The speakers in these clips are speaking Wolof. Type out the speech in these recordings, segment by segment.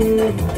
Thank you.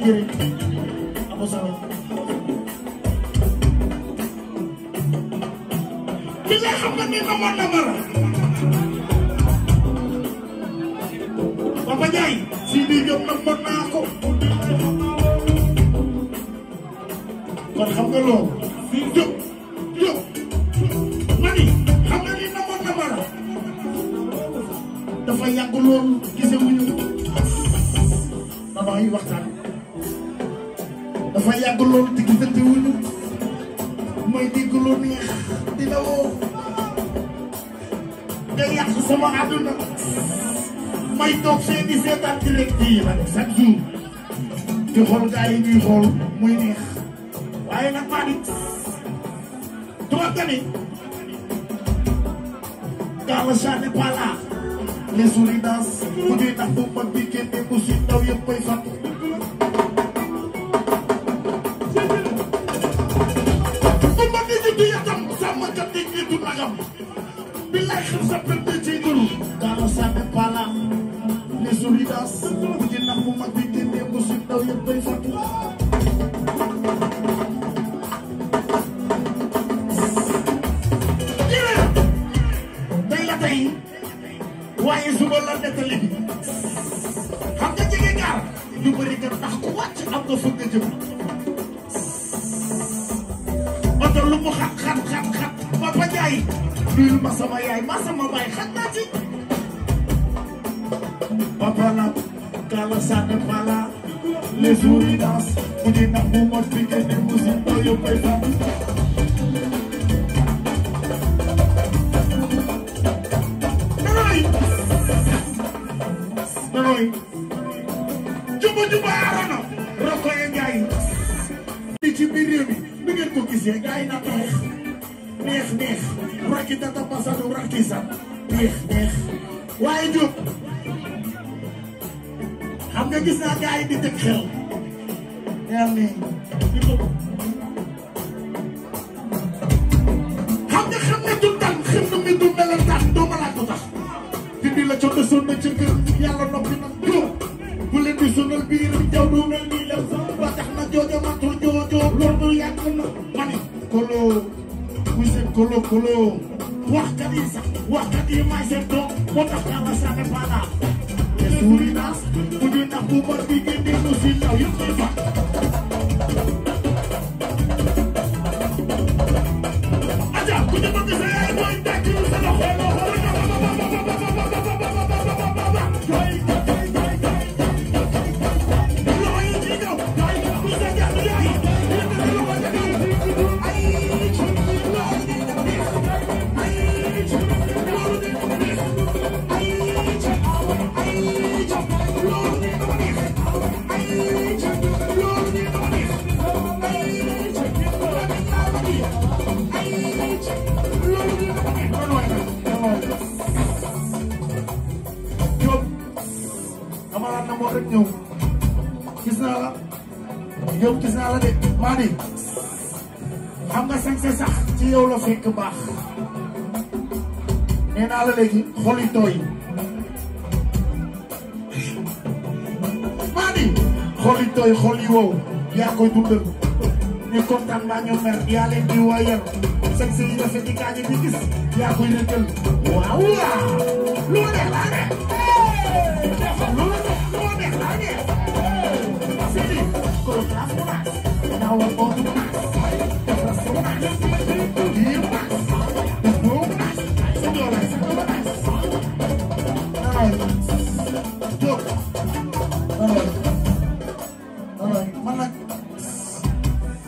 jëriñ am solo bi la ni na ma la Papa Ndiaye si di gëm ko kon xam nga loolu si jóg jóg ni na ma la dafa yàgg loolu gisewuñu ba ba ay waxtaan dafa yàgg lool te gisante wuñu may dégg lu neex di la woo day yàq sama àdduna may toog fee di seetaan direct yi nag chaque jour di xool gaa yi ñuy muy neex waaye nag maa nit trois gani gaa la chat n'est pas là les souris dansent bu ñuy tax bu mag bi génne bu si magam billahi xam sa perte ci guru dara sàkk palam ne suri das bu ci nax mu mag bi génnee bu si daw yëpp bay fàttu day la tey waaye suba la nettali bi xam nga jege gaar ñu bëri nga tax ku wàcc am nga fëgg nga jëm oto lu mu xat xat xat xat Papa Ndiaye nuyu ma sama yaay ma baay xam naa ci kala sànni pala les jours yi daas mu di nax mu mot ba yóbbay fa juba juba arana roko ye gaay ni ci biir réew mi ni ngeen ko gisee na tax neex neex rakita tapasatu rakisa neex neex waaye Diop xam nga gis naa gars yi di teg xel yaa ngi xam nga xam nga dundal xam nga mi dundal tax doo ma laaj ko tax dindi la coono sonn na ci kër yàlla noppi nag Diop bu leen di sonal biir jaww doo kolo kolo waxkat yi sax waxkat yi may seen doom moo tax daawa saaga paana te suuri naas bu ñu nax bu mbar bi génne nu si ndaw yëpp wax rek ñëw gis naa la yow gis naa la de maa di xam nga sax ci yow fekk baax nee naa la léegi xol yi tooy maa di xol wow yaa koy dundal ñu kontaan baa ñu mer di wayal sañse yi rafet yi gaañu di gis yaa koy rëkkal waaw waaw lu neex laa ne Now I'm on the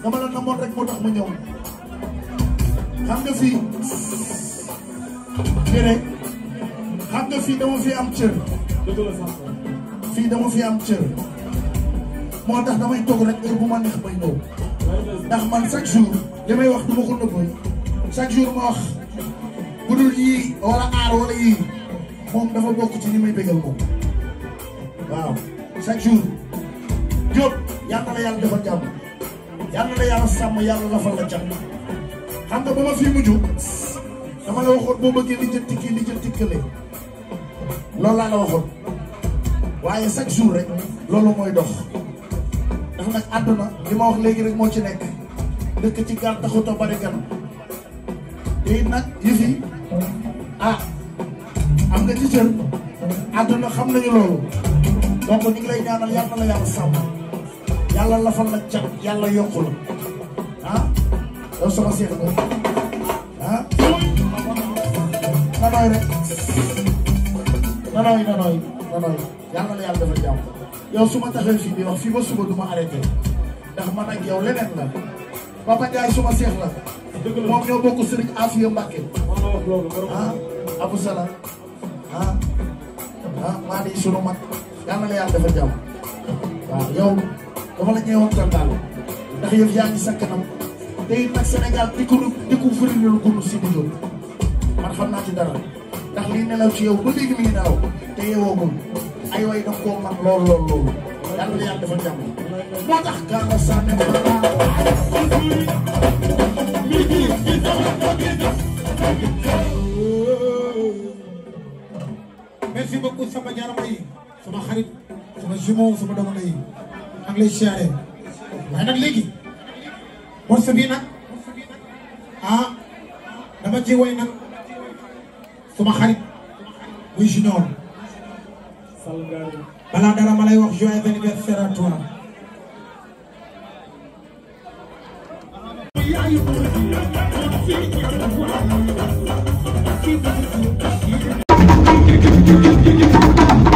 dama la namoon rek moo tax ma ñëw xam nga fii jërëjëf xam nga fii dama fi am cër. dëgg la sax fii dama fi am cër. moo tax damay toog rek bu ma neex may ñëw ndax man chaque jour li may wax du ma ko nëbbu chaque jour ma wax bu dul yii wala aar wala yii moom dafa bokk ci li may bégal moom waaw chaque jour Diop la yàlla defal jàmm yal na la yàlla sàmm yàlla lafal la jàmm xam nga ba ma fii mujj dama la waxoon boo bëggee li jël tikki li jël tikkale loolu laa la waxoon waaye chaque jour rek loolu mooy dox dafa nag àdduna li ma wax léegi rek moo ci nekk dëkk ci gaal taxut a bari gan te nag yëf yi ah am nga ci cër àdduna xam nañu loolu donc ñu lay ñaanal yàlla la yàlla sàmm yàlla lafal la cat yàlla yokku la ah yow sama seex ba ah. nanooy rek nanooy nanooy yàlla la yàlla defal jàmm yow su ma taxee fii di wax fii ba suba du ma arrêté ndax man ak yow leneen la Papa Ndiaye suma seex la. moom ñoo bokk Sëriñ Afiya Mbàkke. ah Abou Salam ah ah maa di sunu dafa jàmm waaw yow dama la ñëwoon daal ndax yëf yaa sa kanam te nag Sénégal di ko di ko fëriñul gunu si di man xam naa ci dara ndax lii nelaw ci yow ba léegi mi ngi nelaw te yeewoo gul. ay way daf koo man lool lool lool yàlla na yàlla dafa jàmm moo tax gaana sànne ko merci beaucoup sama jarama yi sama xarit sama jumeau sama doomu ndey ak lay siyaare waaye nag léegi morceau bi nag ah dama ci way nag sama xarit muy junior balaa dara ma lay wax joyeux anniversaire à toi.